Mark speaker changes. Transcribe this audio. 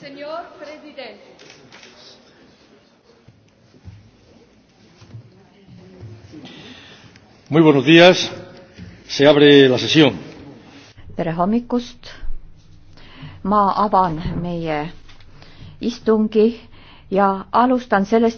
Speaker 1: Signor Presidente. Muy buenos días. Se abre la sesión.
Speaker 2: tere hommikust. ma avan meie istungi
Speaker 3: ja alustan sellest,